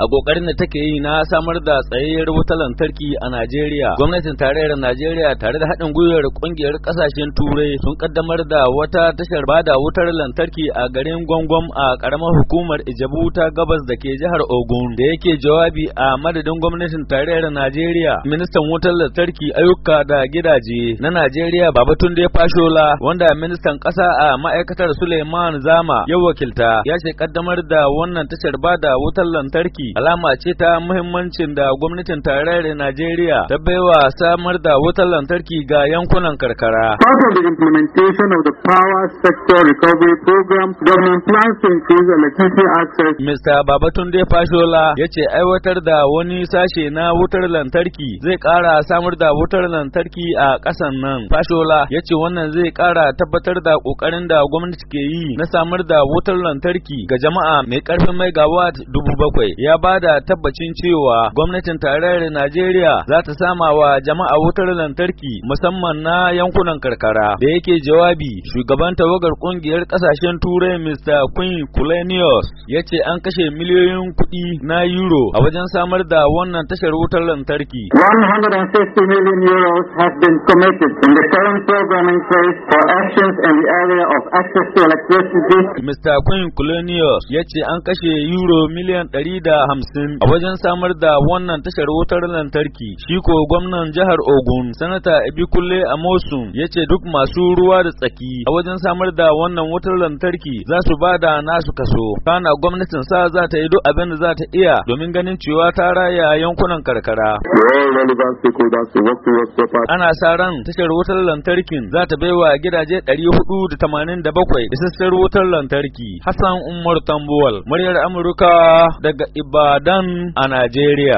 a kokarin da take yi na samar da tsayayyar wutar lantarki a Najeriya. Gwamnatin tarayyar Najeriya tare da haɗin gwiwar kungiyar ƙasashen Turai sun kaddamar da wata tashar bada wutar lantarki a garin Gwangwam a ƙaramar hukumar Ijebu ta Gabas da ke jihar Ogun da yake jawabi a madadin gwamnatin tarayyar Najeriya. Ministan wutar lantarki ayyuka da gidaje na Najeriya Baba Babatunde Fashola wanda ministan ƙasa a ma'aikatar Suleiman Zama ya wakilta ya ce kaddamar da wannan tashar bada wutar lantarki alama ce ta muhimmancin da gwamnatin tarayyar Najeriya ta baiwa samar da wutar lantarki ga yankunan karkara. Part of the implementation of the power sector recovery program, government plans to increase electricity access. Mr. Babatunde Fashola ya ce aiwatar da wani sashe na wutar lantarki zai ƙara samar da wutar lantarki a ƙasan nan. Fashola ya ce wannan zai ƙara tabbatar da ƙoƙarin da gwamnati ke yi na samar da wutar lantarki ga jama'a mai ƙarfin megawatt dubu bakwai. Ya ya ba da tabbacin cewa gwamnatin tarayyar Najeriya za ta sama wa jama'a wutar lantarki musamman na yankunan karkara. Da yake jawabi, shugaban tawagar kungiyar kasashen Turai Mr. Queen Kulenius ya ce an kashe miliyoyin kuɗi na euro a wajen samar da wannan tashar wutar lantarki. 160 million euros have been committed in the current programming phase for actions in the area of access to electricity. Mr. Queen Kulenius ya ce an kashe euro miliyan ɗari da hamsin a wajen samar da wannan tashar wutar lantarki shi ko gwamnan jihar Ogun sanata kulle a mosun ya ce duk masu ruwa da tsaki a wajen samar da wannan wutar lantarki za su ba da nasu kaso kana gwamnatin sa za ta yi duk abin da za ta iya domin ganin cewa ta raya yankunan karkara ana sa ran tashar wutar lantarkin za ta baiwa gidaje 487 isassar wutar lantarki Hassan Umar Tambuwal muryar Amurka daga Ibadan Ibadan a Najeriya.